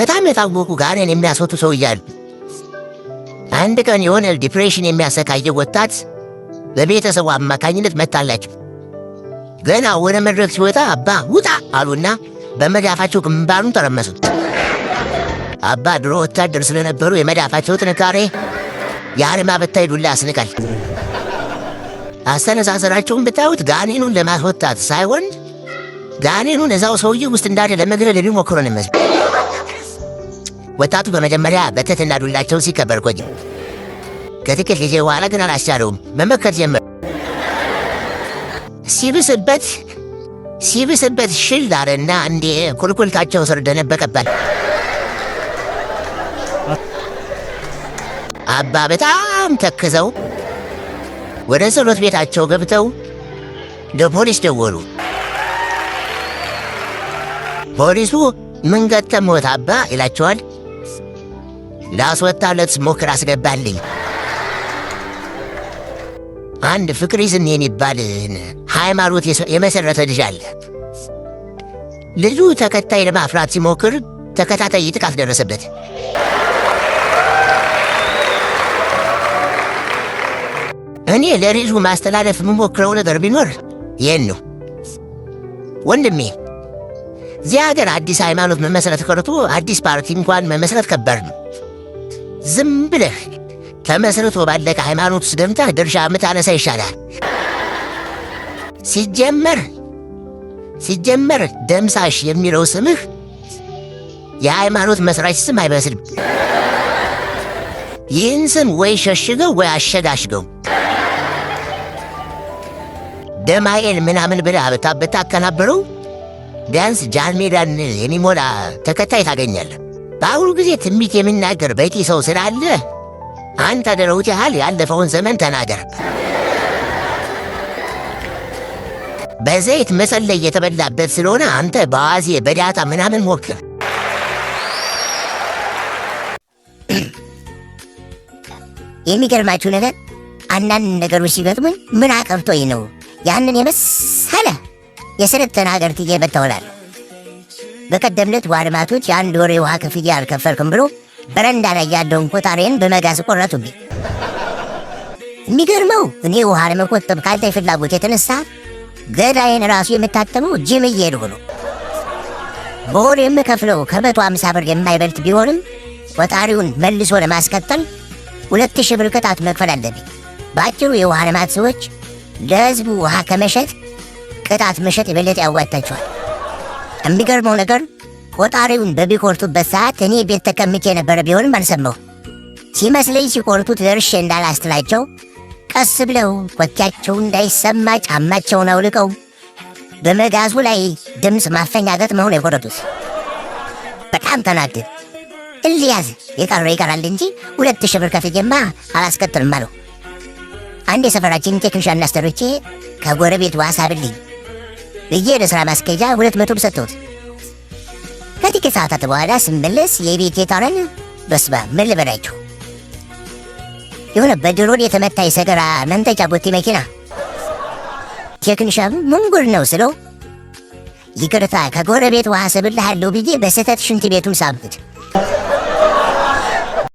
በጣም የታወቁ ጋር እኔን የሚያስወቱ ሰው እያሉ አንድ ቀን የሆነ ዲፕሬሽን የሚያሰቃየው ወጣት በቤተሰቡ አማካኝነት መታላቸው። ገና ወደ መድረክ ሲወጣ አባ ውጣ አሉና በመዳፋቸው ግንባሩን ተረመሱት። አባ ድሮ ወታደር ስለነበሩ የመዳፋቸው ጥንካሬ የአርማ በታይ ዱላ ያስንቃል። አስተነሳሰራቸውን ብታዩት ጋኔኑን ለማስወጣት ሳይሆን ጋኔኑን እዛው ሰውዬ ውስጥ እንዳለ ለመግደል የሚሞክረን ይመስል ወጣቱ በመጀመሪያ በትትና ዱላቸው ሲከበር ቆየ። ከጥቂት ጊዜ በኋላ ግን አላስቻለውም። መመከር ጀመር። ሲብስበት ሲብስበት ሽል አለና እንዴ ኩልኩልታቸው ስር ደነበቀበት። አባ በጣም ተክዘው ወደ ጸሎት ቤታቸው ገብተው ለፖሊስ ደወሉ። ፖሊሱ ምን ገጠመዎት አባ ይላቸዋል። ላስወጣለት ሞክር አስገባልኝ። አንድ ፍቅር ይዝን የሚባል ሃይማኖት የመሰረተ ልጅ አለ። ልጁ ተከታይ ለማፍራት ሲሞክር ተከታታይ ጥቃት ደረሰበት። እኔ ለልጁ ማስተላለፍ የምሞክረው ነገር ቢኖር ይህን ነው። ወንድሜ እዚህ ሀገር አዲስ ሃይማኖት መመስረት ከርቶ አዲስ ፓርቲ እንኳን መመስረት ከበር ነው። ዝም ብለህ ተመስርቶ ባለቀ ሃይማኖት ውስጥ ገብተህ ድርሻ ምታነሳ ይሻላል። ሲጀመር ሲጀመር ደምሳሽ የሚለው ስምህ የሃይማኖት መስራች ስም አይመስልም። ይህን ስም ወይ ሸሽገው ወይ አሸጋሽገው ደማኤል ምናምን ብላ ብታከናብረው ቢያንስ ጃንሜዳን የሚሞላ ተከታይ ታገኛለህ። በአሁኑ ጊዜ ትንቢት የሚናገር በቂ ሰው ስላለ አንተ ደረውት ያህል ያለፈውን ዘመን ተናገር። በዘይት መጸለይ የተበላበት ስለሆነ አንተ በአዋዜ በዳታ ምናምን ሞክር። የሚገርማችሁ ነገር አንዳንድ ነገሮች ሲገጥሙኝ ምን አቀብቶኝ ነው ያንን የመሰለ የስርት ተናገር ትዬ በተውላለሁ በቀደምለት ዋድማቶች የአንድ ወር የውሃ ክፍያ አልከፈልክም ብሎ በረንዳ ላይ ያለውን ኮታሬን በመጋዝ ቆረጡብኝ። የሚገርመው እኔ ውሃ ለመቆጠብ ካልታይ ፍላጎት የተነሳ ገዳይን ራሱ የምታተመው ጅም እየሄድኩ ነው። በወር የምከፍለው ከመቶ አምሳ ብር የማይበልጥ ቢሆንም ቆጣሪውን መልሶ ለማስከተል ሁለት ሺህ ብር ቅጣት መክፈል አለብኝ። በአጭሩ የውሃ ልማት ሰዎች ለህዝቡ ውሃ ከመሸጥ ቅጣት መሸጥ የበለጠ ያዋጣቸዋል። የሚገርመው ነገር ቆጣሪውን በሚቆርጡበት ሰዓት እኔ ቤት ተቀምጬ የነበረ ቢሆንም አልሰማሁ። ሲመስለኝ ሲቆርጡት ደርሼ እንዳላስትላቸው ቀስ ብለው ኮቴያቸው እንዳይሰማ ጫማቸውን አውልቀው በመጋዙ ላይ ድምፅ ማፈኛ ገጥመው ነው የቆረጡት። በጣም ተናድድ እልያዝ የቀረው ይቀራል እንጂ ሁለት ሺህ ብር አላስከትልም አለው። አንድ የሰፈራችን ቴክኒሻን ከጎረቤት ዋሳ ብልኝ። ብዬ ወደ ስራ ማስኬጃ ሁለት መቶ ብር ሰጥቶት ከጥቂት ሰዓታት በኋላ ስመለስ የቤቴ ታረን በስባ ምን ልበላችሁ የሆነ በድሮን የተመታ የሰገራ መንጠጫ ቦቴ መኪና ቴክኒሻም ምን ጉድ ነው ስለው ይቅርታ ከጎረቤት ውሃ ስብልሃለሁ ብዬ በስህተት ሽንት ቤቱን ሳምኩት።